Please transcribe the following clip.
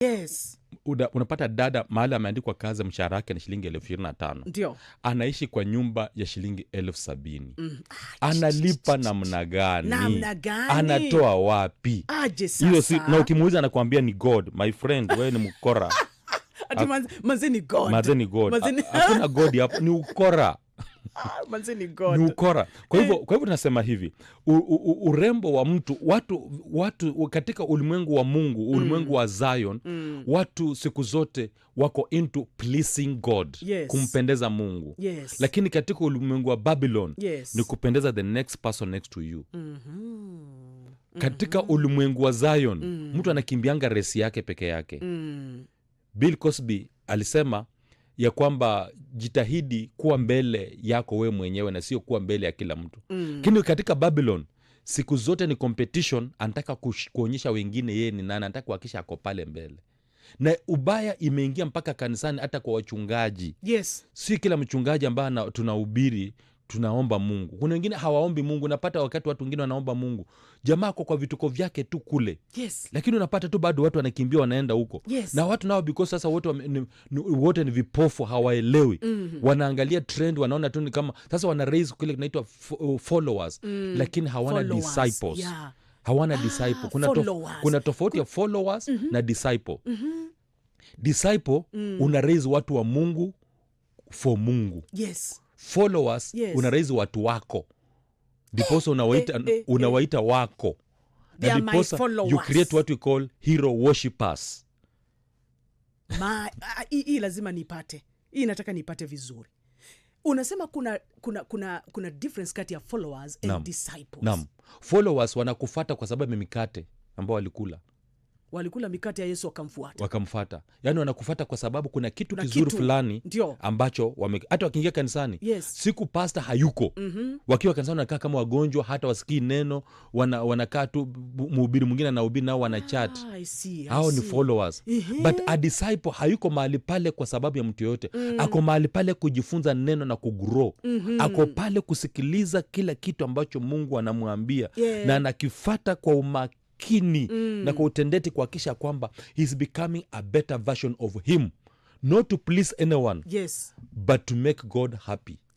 Yes. Uda, unapata dada mahali ameandikwa kazi, mshahara wake ni shilingi elfu ishirini na tano ndio anaishi kwa nyumba ya shilingi elfu sabini mm. Ah, analipa namna gani? namna gani? anatoa wapi? aje sasa? Si, na ukimuuliza anakuambia ni God my friend, wewe ni mkora mazeni god, mazeni god. hakuna god hapo, ni ukora Ah, ni ukora. Kwa hivyo eh. kwa hivyo tunasema hivi u, u, urembo wa mtu watu watu katika ulimwengu wa Mungu mm. ulimwengu mm. wa Zion mm. watu siku zote wako into pleasing God yes. kumpendeza Mungu yes. lakini katika ulimwengu wa Babylon yes. ni kupendeza the next person next to you mm -hmm. katika mhm. ulimwengu wa Zion mm. mtu anakimbianga resi yake peke yake mm. Bill Cosby alisema ya kwamba jitahidi kuwa mbele yako wewe mwenyewe na sio kuwa mbele ya kila mtu mm. lakini mm. katika Babylon siku zote ni competition, anataka kuonyesha wengine yeye ni nani, anataka kuhakisha ako pale mbele na ubaya imeingia mpaka kanisani, hata kwa wachungaji yes. Si kila mchungaji ambaye tunahubiri tunaomba Mungu. Kuna wengine hawaombi Mungu, unapata wakati watu wengine wanaomba Mungu jamaa ko kwa vituko vyake tu kule yes. Lakini unapata tu bado watu wanakimbia wanaenda huko yes. Na watu nao because sasa wote ni, wote ni vipofu hawaelewi mm -hmm. Wanaangalia trend wanaona tu ni kama sasa wana raise kile kinaitwa uh, followers mm. Lakini hawana followers. disciples yeah. Hawana ah, disciple. Kuna, tof, kuna tofauti ya followers mm -hmm. na disciple mm -hmm. Disciple mm. Una raise watu wa Mungu for Mungu yes followers yes. unaraise watu wako eh, ndiposa unawaita, eh, eh, unawaita eh. wako na what we call hero worshippers ah, ah, hii lazima nipate hii nataka nipate vizuri unasema kuna kuna kuna kuna difference kati ya followers and nam, disciples nam. followers wanakufata kwa sababu ya mikate ambao walikula walikula mikate ya Yesu wakamfuata, wakamfuata. Yani wanakufata kwa sababu kuna kitu na kizuri kitu fulani Ndiyo. ambacho wame, hata wakiingia kanisani yes. siku pasta hayuko mm -hmm. wakiwa kanisani wanakaa kama wagonjwa, hata wasikii neno, wana, tu mhubiri mwingine anahubiri nao wanachat. Ah, hao ni followers but a disciple hayuko mahali pale kwa sababu ya mtu yoyote mm -hmm. ako mahali pale kujifunza neno na kugrow mm -hmm. ako pale kusikiliza kila kitu ambacho Mungu anamwambia yeah. na anakifata kwa umaki umakini mm. na kwa utendeti kuhakikisha kwamba heis becoming a better version of him not to please anyone yes. but to make God happy